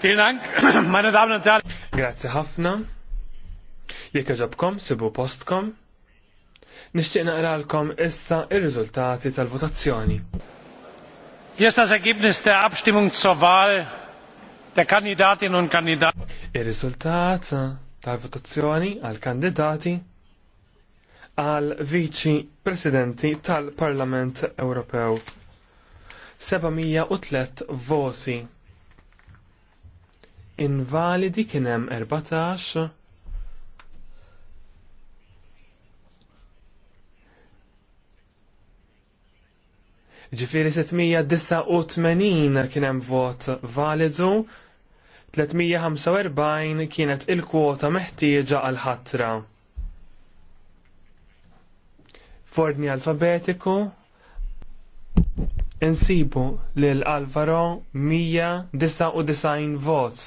Vielen Dank, meine Damen Grazie ħafna. Jekk ġobkom, sibu postkom. Nixtieq naqralkom issa ir-riżultati tal-votazzjoni. Hier ist das Ergebnis der Abstimmung zur Wahl der Kandidatinnen und Ir-riżultat tal-votazzjoni għal kandidati għal viċi presidenti tal-Parlament Ewropew. 703 vosi invalidi kien hemm 14 Ġifiri 689 kien hemm vot validu, 345 kienet il-kwota meħtieġa għal ħatra. Fordni alfabetiku insibu lil Alvaro 199 votes.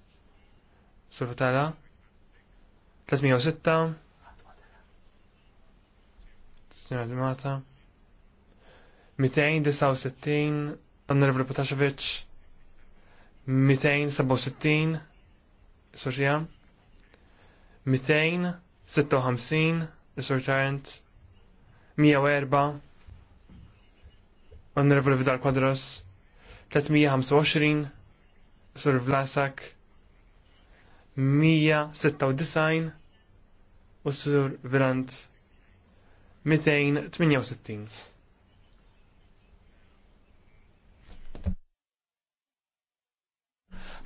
Sur Hutala. 306. Signora Dimata. 269. Anna Onorevole Potashevic. 267. Soċija. 256. Sur Tarent. 104. Anna Onorevole Vidal Quadros. 325. Sur Vlasak. 196 u sur Vilant 268.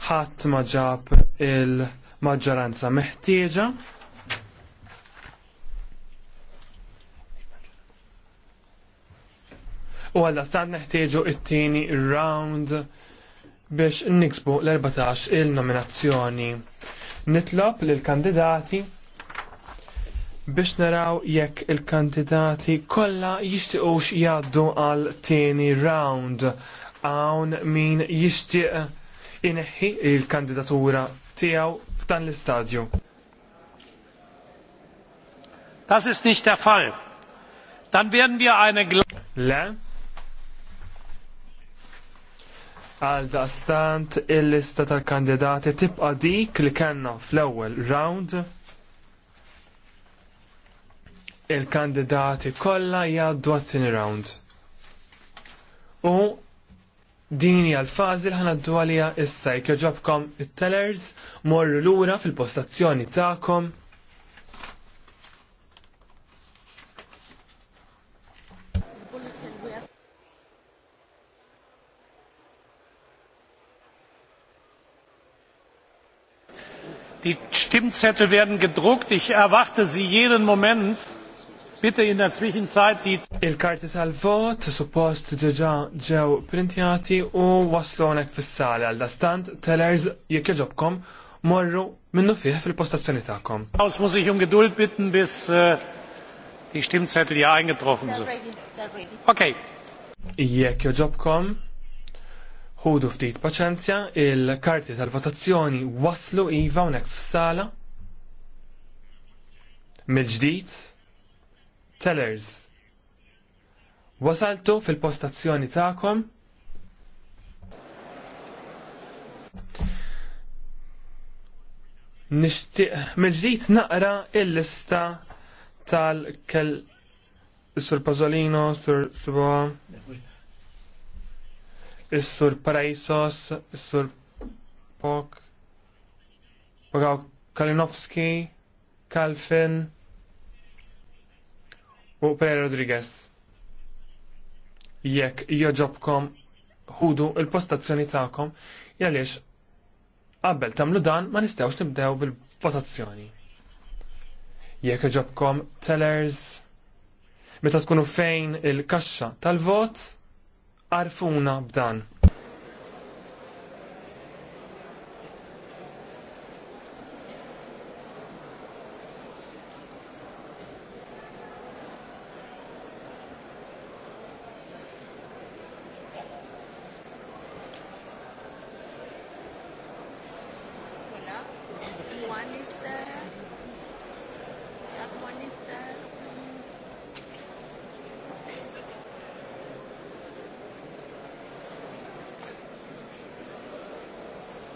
ħadd ma ġab il-maġġoranza meħtieġa. U għalla stan neħtieġu it-tieni round biex niksbu l-14 il-nominazzjoni. Nitlob lil kandidati biex naraw jekk il-kandidati kollha jixtiequx jgħaddu għal tieni round hawn min jixtieq inħi il-kandidatura tiegħu f'dan l-istadju. Das ist nicht der Fall. Dann werden wir eine Le, Għal daqstant il-lista tal-kandidati tibqa dik li kellna fl-ewwel round. Il-kandidati kollha jgħaddu għat-tieni round. U dini għal fażi li ħanaddu għalija issa jkjoġobkom it-tellers morru lura fil-postazzjoni tagħkom. die stimmzettel werden gedruckt ich erwarte sie jeden moment bitte in der zwischenzeit die il-karti tal-vot suppost ġeġa ġew printjati u waslu hawnhekk fis-sala għal dastant tellers jekk jogħġobkom morru minnu fih fil-postazzjoni tagħkom. Aus muss ich um Geduld bitten bis äh, die Stimmzettel hier eingetroffen sind. Okay. Jekk jogħġobkom Ħudu ftit paċenzja, il-karti tal-votazzjoni waslu iva unek f'sala. Mil-ġdijt, tellers. Wasaltu fil-postazzjoni ta'kom. mil-ġdijt naqra il-lista tal-kel Sur Pasolino, Sur Suba is-sur Parajsos, is-sur Pok, Bogaw Kalinowski, Kalfin u Pere Rodriguez. Jekk joġobkom ħudu il-postazzjoni tagħkom għaliex qabel tagħmlu dan ma nistgħux nibdew bil-votazzjoni. Jekk joġobkom tellers meta tkunu fejn il-kaxxa tal-vot, għarfuna b'dan.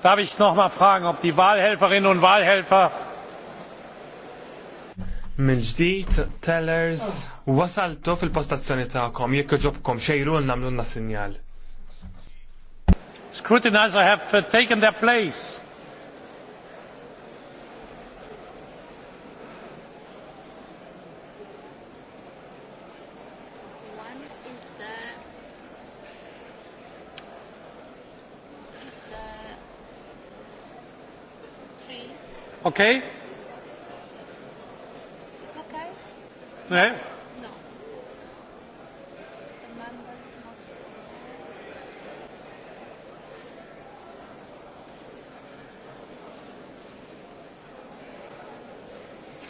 Darf ich noch mal fragen, ob die Wahlhelferinnen und Wahlhelfer Mil-ġdijt, tellers, wasaltu fil-postazzjoni ta'kom, jekk ġobkom xejru namlu na sinjal. Scrutinizer have uh, taken their place. Okay? It's okay? Yeah? No. The members not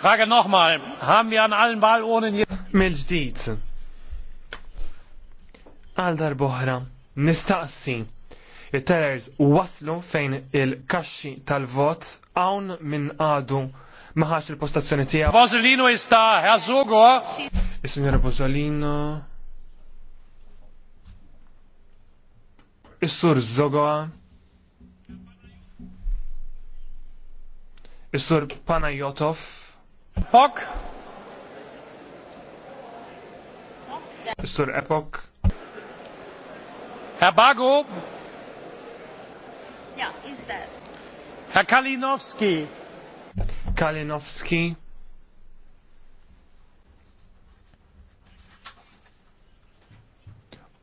Frage nochmal, haben wir an allen Wahlurnen Mill-ġdid. Għal darboħra, nistaqsi. Il-terrors waslu fejn il-kaxxi tal-vot hawn minn għadu maħax il-postazzjoni tiegħu. Bozzolino jista' ħażugo. Is-Sinjora Bozzolino. Is-Sur Zogoa. Is-Sur Panajotov. Pok. Is-Sur Epok. Herr Bago, Yeah, Herr Kalinowski. Kalinowski.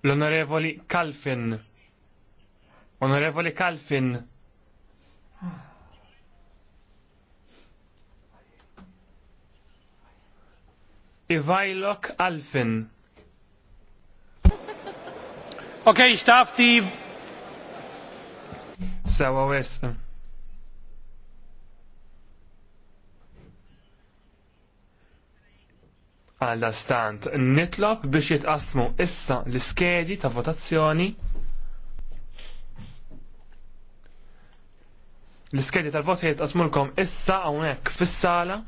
l Kalfin. Onorevoli Kalfin. Ivajlok Alfin. Okay, ich darf die Sawa wes. Għalla stant, nitlob biex jitqasmu issa l-iskedi ta' votazzjoni. L-iskedi tal-vot jitqasmulkom issa għonek fis-sala.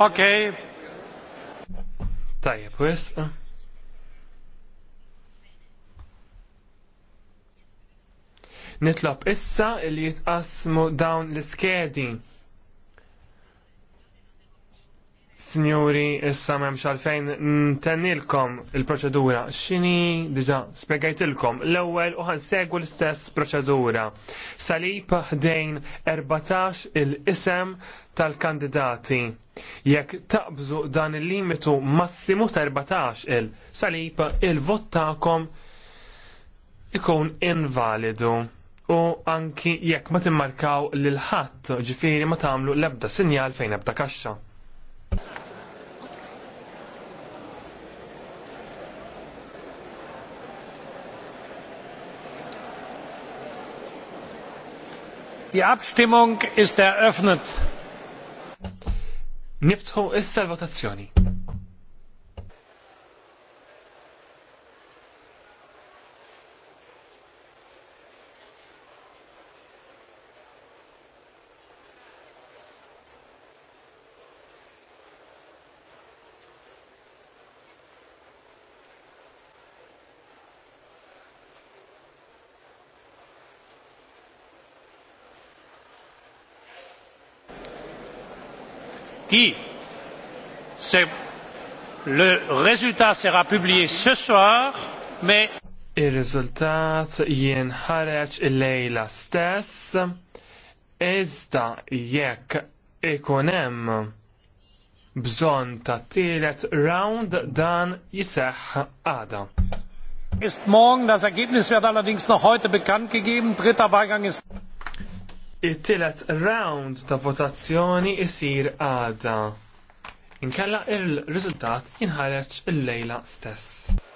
Ok. Tajja, pues. Nitlob issa li jitqasmu dawn l-iskedi. Signori, issa memx għalfejn ntennilkom il-proċedura. Xini diġa spjegajtilkom. l-ewwel u ħansegwu l-istess proċedura. Salib ħdejn 14 il-isem tal-kandidati. Jekk taqbżu dan il-limitu massimu ta' 14 il-salib il-vot tagħkom ikun invalidu u anki jekk ma timmarkaw lil ħadd ġifieri ma tagħmlu l-ebda sinjal fejn ebda kaxxa. Die Abstimmung ist eröffnet. Niftħu issa l-votazzjoni. qui c'est le résultat sera publié ce soir, mais ir résultat yen harach leila lejla stess, iżda jekk ikun hemm ta' tielet round dan jiseħħ għada. Ist morgen, das Ergebnis wird allerdings noch heute bekannt gegeben. Dritter Wahlgang ist it-tielet round ta' votazzjoni isir għada. Inkella il-riżultat jinħareġ il-lejla stess.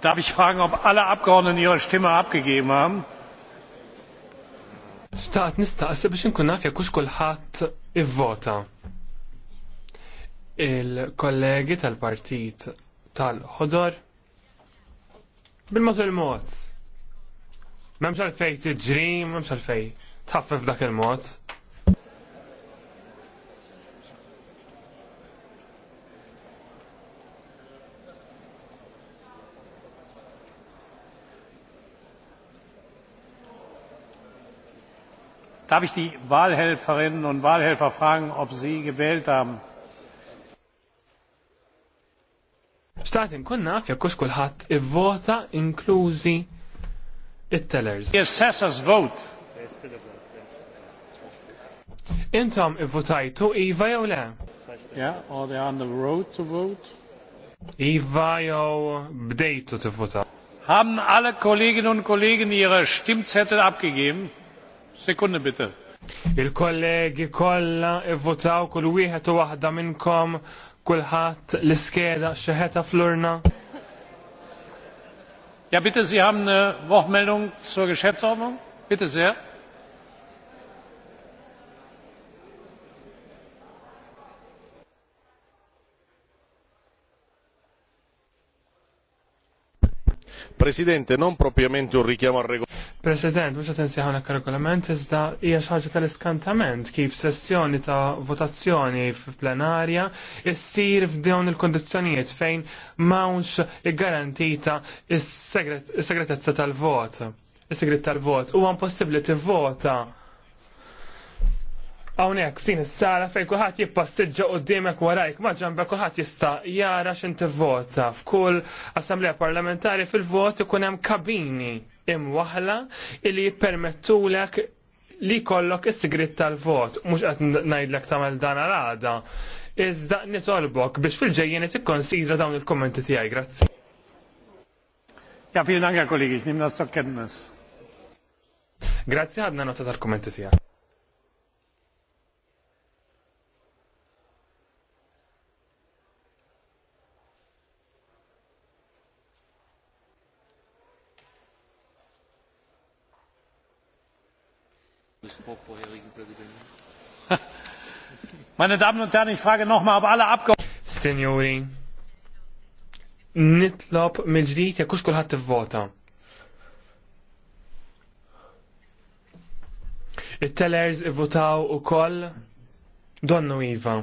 Darf ich fragen, ob alle Abgeordneten ihre Stimme abgegeben haben? Staqt nistaqsi biex inkun naf jekk hux kulħadd ivvota. Il-kollegi tal-partit tal-ħodor bil-mod il-mod. M'hemmx għalfejn tiġri, m'hemmx għalfejn tħaffef dak il-mod. Darf ich die Wahlhelferinnen und Wahlhelfer fragen, ob sie gewählt haben? Stat inkun naf jekk hux kulħadd ivvota inklużi it-tellers. The assessors vote. Intom ivvotajtu iva jew le? Yeah, or they are on the road to vote. Iva jew bdejtu tivvota. Haben alle Kolleginnen und Kollegen ihre Stimmzettel abgegeben? Sekunni bitte. Il-kollegi kollha ivvotaw kull wieħed u waħda minnkom kulħadd l-iskeda xeħeta flurna. Ja, bitte, Sie haben eine Wortmeldung zur Geschäftsordnung. Bitte sehr. Presidente, non propriamente un richiamo al regolamento. President, mux attenzja ħana regolament iżda hija xaġa tal-iskantament kif sessjoni ta' votazzjoni fil-plenarja jessir f'dewn il kondizjoniet fejn mawx garantita is-segretezza tal-vot. Is-segret tal-vot. Huwa t tivvota Hawnhekk f'din s sala fejn kulħadd d qudiemek warajk ma' ġambek kulħadd jista' jara t vota f'kull assemblea parlamentari fil-vot ikun hemm kabini imwaħla illi jippermettulek li kollok is-sigrit tal-vot, mhux qed ngħidlek tagħmel dan għal Iżda nitolbok biex fil-ġejjeni tikkonsidra dawn il-kommenti tiegħi, grazzi. Ja, fil-nanga kollegi, nimna s nehme Grazzi għadna nota tal-kommenti tiegħek. Meine Damen und Herren, ich frage nochmal, ob alle Abgeordneten. Signori, nitlob mill-ġdijt jekux kullħat t-vota. Il-tellers votaw u koll donnu Iva.